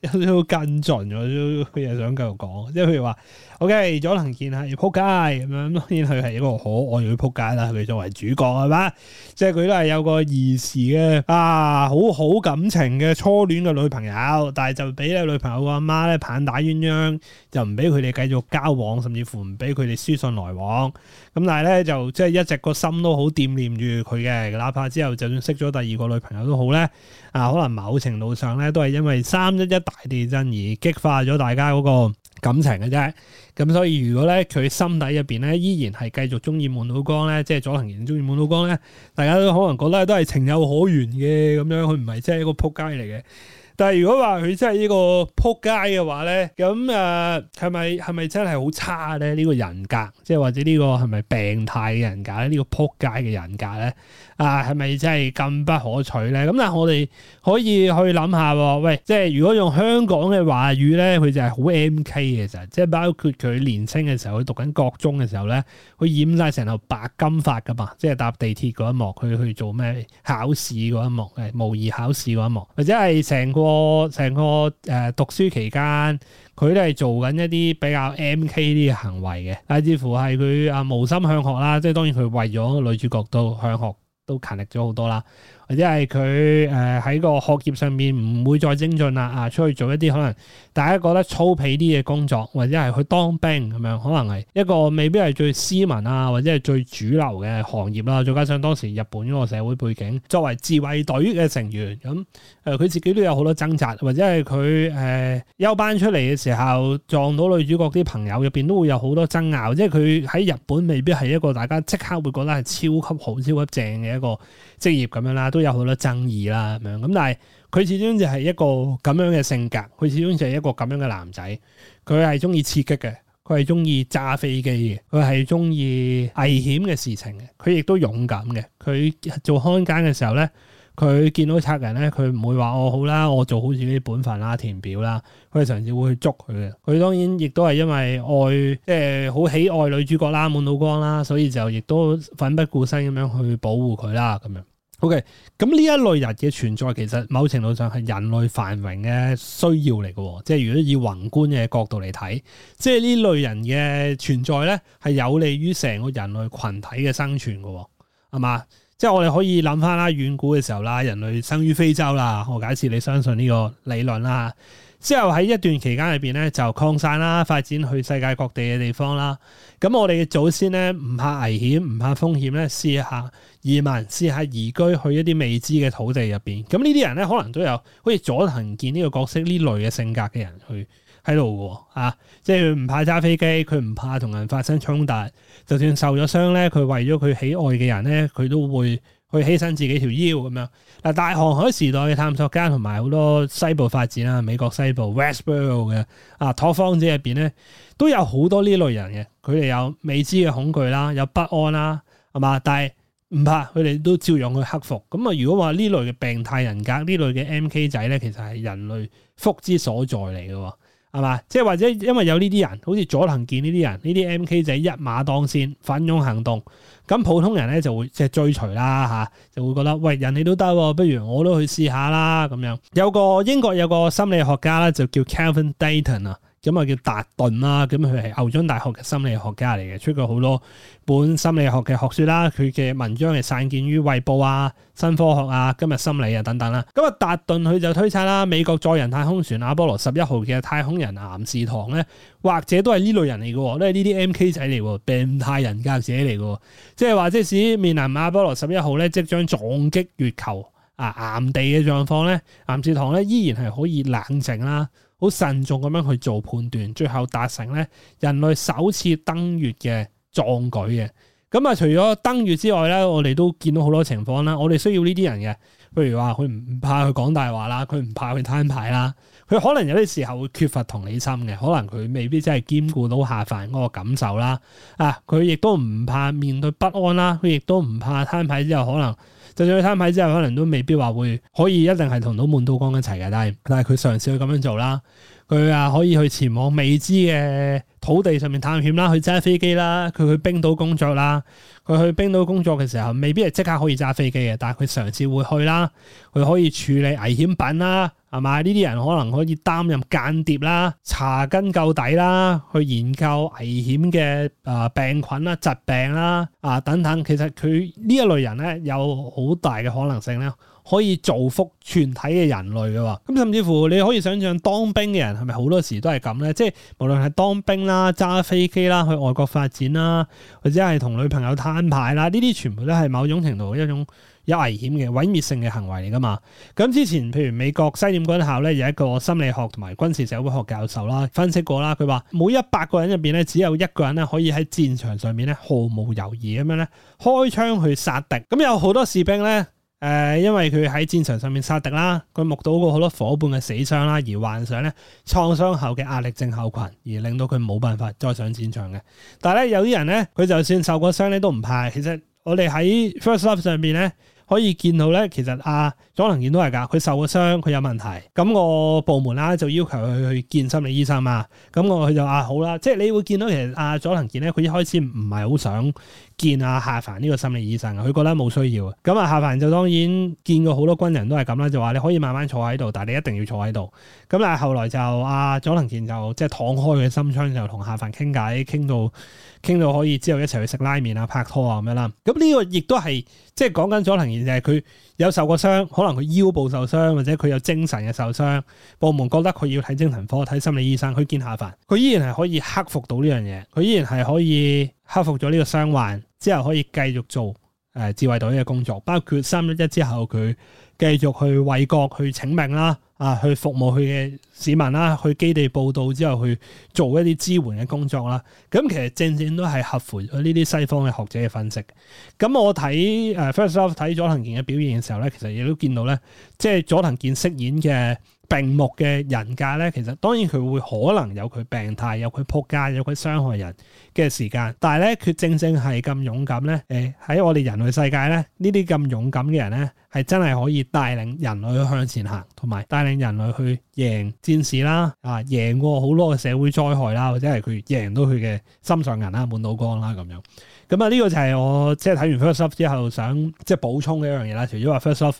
有少少跟進咗，佢又想繼續講，即係譬如話，OK，咗能見下要仆街咁樣，當然佢係一個可愛嘅仆街啦，佢作為主角係嘛？即係佢都係有個兒時嘅啊，好好感情嘅初戀嘅女朋友，但係就俾咧女朋友個阿媽咧棒打鴛鴦，就唔俾佢哋繼續交往，甚至乎唔俾佢哋書信來往。咁但係咧就即係一直個心都好惦念住佢嘅，哪、啊、怕之後就算識咗第二個女朋友都好咧，啊，可能某程度上咧都係因為三一一大地震而激化咗大家嗰個感情嘅啫，咁所以如果咧佢心底入邊咧依然係繼續中意滿島光咧，即係佐藤健中意滿島光咧，大家都可能覺得都係情有可原嘅，咁樣佢唔係即係一個撲街嚟嘅。但係如果話佢、啊、真係呢個撲街嘅話咧，咁誒係咪係咪真係好差咧？呢個人格，即係或者呢個係咪病態嘅人格咧？呢、呢個撲街嘅人格咧，啊係咪真係咁不可取咧？咁但係我哋可以去諗下喎，喂，即係如果用香港嘅話語咧，佢就係好 MK 嘅，就即係包括佢年青嘅時候，佢讀緊國中嘅時候咧，佢染晒成頭白金髮噶嘛，即係搭地鐵嗰一幕，佢去做咩考試嗰一幕，係模擬考試嗰一幕，或者係成個。個成個誒讀書期間，佢都係做緊一啲比較 MK 啲嘅行為嘅，但係似乎係佢啊無心向學啦。即係當然佢為咗女主角都向學都勤力咗好多啦。或者係佢誒喺個學業上面唔會再精進啦，啊，出去做一啲可能大家覺得粗鄙啲嘅工作，或者係去當兵咁樣，可能係一個未必係最斯文啊，或者係最主流嘅行業啦。再加上當時日本嗰個社會背景，作為自衛隊嘅成員，咁誒佢自己都有好多掙扎，或者係佢誒休班出嚟嘅時候撞到女主角啲朋友入邊都會有好多爭拗，即係佢喺日本未必係一個大家即刻會覺得係超級好、超級正嘅一個職業咁樣啦。都有好多爭議啦，咁樣咁，但係佢始終就係一個咁樣嘅性格，佢始終就係一個咁樣嘅男仔，佢係中意刺激嘅，佢係中意炸飛機嘅，佢係中意危險嘅事情嘅，佢亦都勇敢嘅。佢做看更嘅時候咧，佢見到賊人咧，佢唔會話哦，好啦，我做好自己本分啦，填表啦，佢係嘗試會去捉佢嘅。佢當然亦都係因為愛，即係好喜愛女主角啦，滿島光啦，所以就亦都奮不顧身咁樣去保護佢啦，咁樣。OK，咁呢一類人嘅存在其實某程度上係人類繁榮嘅需要嚟嘅，即係如果以宏觀嘅角度嚟睇，即係呢類人嘅存在咧係有利於成個人類群體嘅生存嘅，係嘛？即係我哋可以諗翻啦，遠古嘅時候啦，人類生於非洲啦，我假設你相信呢個理論啦。之後喺一段期間裏邊咧，就擴散啦，發展去世界各地嘅地方啦。咁我哋嘅祖先咧，唔怕危險，唔怕風險咧，試下移民，試下移居去一啲未知嘅土地入邊。咁呢啲人咧，可能都有好似佐藤健呢個角色呢類嘅性格嘅人去。喺度嘅喎，啊，即係佢唔怕揸飛機，佢唔怕同人發生衝突，就算受咗傷咧，佢為咗佢喜愛嘅人咧，佢都會去犧牲自己條腰咁樣。嗱，啊，大航海時代嘅探索家同埋好多西部發展啦，美國西部 Westboro 嘅啊拓荒者入邊咧，都有好多呢類人嘅，佢哋有未知嘅恐懼啦，有不安啦，係嘛？但係唔怕，佢哋都照樣去克服。咁啊，如果話呢類嘅病態人格，呢類嘅 MK 仔咧，其實係人類福之所在嚟嘅喎。係嘛？即係或者因為有呢啲人，好似佐藤健呢啲人，呢啲 MK 仔一馬當先、奮勇行動，咁普通人咧就會即係追隨啦，吓就會覺得喂，人哋都得，不如我都去試下啦咁樣。有個英國有個心理學家咧就叫 Calvin Dayton 啊。咁啊叫達頓啦，咁佢係牛津大學嘅心理學家嚟嘅，出過好多本心理學嘅學說啦。佢嘅文章係散見於《衛報》啊、《新科學》啊、今日《心理》啊等等啦。咁啊達頓佢就推測啦，美國載人太空船阿波羅十一號嘅太空人岩士堂咧，或者都係呢類人嚟嘅，都係呢啲 MK 仔嚟，病態人格者嚟嘅。即係話即使面臨阿波羅十一號咧即將撞擊月球啊岩地嘅狀況咧，岩士堂咧依然係可以冷靜啦。好慎重咁樣去做判斷，最後達成咧人類首次登月嘅壯舉嘅。咁、嗯、啊，除咗登月之外咧，我哋都見到好多情況啦。我哋需要呢啲人嘅，譬如話佢唔怕佢講大話啦，佢唔怕佢攤牌啦，佢可能有啲時候會缺乏同理心嘅，可能佢未必真係兼顧到下凡嗰個感受啦。啊，佢亦都唔怕面對不安啦，佢亦都唔怕攤牌之後可能。就算去攤牌之後，可能都未必話會可以一定係同到滿刀光一齊嘅，但係但係佢嘗試去咁樣做啦。佢啊，可以去前往未知嘅土地上面探險啦，去揸飛機啦，佢去冰島工作啦，佢去冰島工作嘅時候未必係即刻可以揸飛機嘅，但係佢嘗試會去啦，佢可以處理危險品啦，係咪？呢啲人可能可以擔任間諜啦、查根究底啦、去研究危險嘅誒病菌啦、疾病啦啊等等，其實佢呢一類人咧有好大嘅可能性咧。可以造福全體嘅人類嘅，咁甚至乎你可以想象當兵嘅人係咪好多時都係咁呢？即係無論係當兵啦、揸飛機啦、去外國發展啦，或者係同女朋友攤牌啦，呢啲全部都係某種程度一種有危險嘅、毀滅性嘅行為嚟噶嘛？咁之前譬如美國西點軍校咧有一個心理學同埋軍事社會學教授啦，分析過啦，佢話每一百個人入面咧，只有一個人咧可以喺戰場上面咧毫無猶豫咁樣咧開槍去殺敵。咁有好多士兵咧。誒，因為佢喺戰場上面殺敵啦，佢目睹過好多伙伴嘅死傷啦，而患上咧創傷後嘅壓力症候群，而令到佢冇辦法再上戰場嘅。但係咧，有啲人咧，佢就算受過傷咧都唔怕。其實我哋喺 First Love 上面咧，可以見到咧，其實阿、啊、佐藤健都係㗎，佢受過傷，佢有問題，咁個部門啦就要求佢去見心理醫生啊。咁我佢就啊好啦，即係你會見到其實阿、啊、佐藤健咧，佢一開始唔係好想。見啊夏凡呢個心理醫生，佢覺得冇需要，咁啊夏凡就當然見過好多軍人都係咁啦，就話你可以慢慢坐喺度，但係你一定要坐喺度。咁但係後來就阿佐藤健就即係、就是、敞開佢心窗就，就同夏凡傾偈，傾到傾到可以之後一齊去食拉麵啊、拍拖啊咁樣啦。咁、這、呢個亦都係即係講緊佐藤健就係佢。有受過傷，可能佢腰部受傷，或者佢有精神嘅受傷。部門覺得佢要睇精神科睇心理醫生，佢見下凡，佢依然係可以克服到呢樣嘢，佢依然係可以克服咗呢個傷患之後，可以繼續做誒自衛隊嘅工作，包括三一一之後佢。繼續去為國去請命啦，啊，去服務佢嘅市民啦，去基地報道之後去做一啲支援嘅工作啦。咁其實正正都係合乎呢啲西方嘅學者嘅分析。咁我睇誒、呃、First Love 睇佐藤健嘅表現嘅時候咧，其實亦都見到咧，即係佐藤健飾演嘅。並木嘅人格咧，其實當然佢會可能有佢病態，有佢撲街，有佢傷害人嘅時間。但係咧，佢正正係咁勇敢咧，誒、哎、喺我哋人類世界咧，呢啲咁勇敢嘅人咧，係真係可以帶領，領人類去向前行，同埋帶領人類去贏戰士啦，啊，贏過好多嘅社會災害啦，或者係佢贏到佢嘅心上人啦，滿到光啦咁樣。咁、嗯、啊，呢、這個就係我即係睇完 First Love 之後想即係補充嘅一樣嘢啦。除咗話 First Love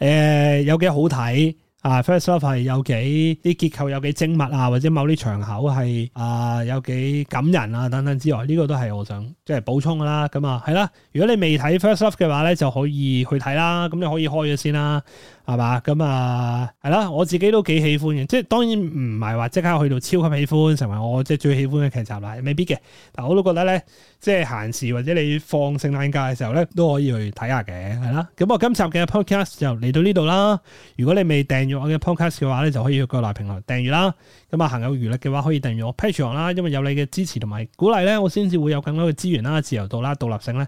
誒有幾好睇。啊，First Love 係有幾啲結構有幾精密啊，或者某啲場口係啊有幾感人啊等等之外，呢個都係我想即係補充噶啦，咁啊係啦。如果你未睇 First Love 嘅話咧，就可以去睇啦。咁你可以開咗先啦。係嘛，咁啊，係啦、嗯，我自己都幾喜歡嘅，即係當然唔係話即刻去到超級喜歡成為我即係最喜歡嘅劇集啦，未必嘅。但我都覺得咧，即係閒時或者你放聖誕假嘅時候咧，都可以去睇下嘅，係啦。咁我今集嘅 podcast 就嚟到呢度啦。如果你未訂閱我嘅 podcast 嘅話咧，就可以去各大平台訂閱啦。咁啊，行有餘力嘅話，可以訂閱我 Patreon 啦。因為有你嘅支持同埋鼓勵咧，我先至會有更多嘅資源啦、自由度啦、獨立性咧。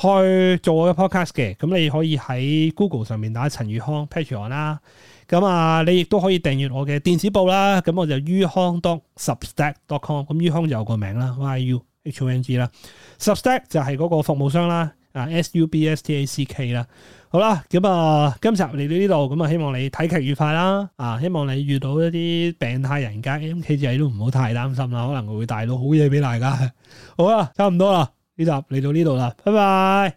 去做我嘅 podcast 嘅，咁你可以喺 Google 上面打陳宇康 Patreon 啦，咁啊你亦都可以訂閱我嘅電子報啦，咁我就於康 dot substack.com，咁於康就有個名啦，Y U H O N G 啦，Substack 就係嗰個服務商啦，啊 S U B S T A C K 啦，好啦。咁啊今集嚟到呢度，咁啊希望你睇劇愉快啦，啊希望你遇到一啲病態人格，咁其實都唔好太擔心啦，可能會帶到好嘢俾大家， 好啦，差唔多啦。呢集嚟到呢度啦，拜拜。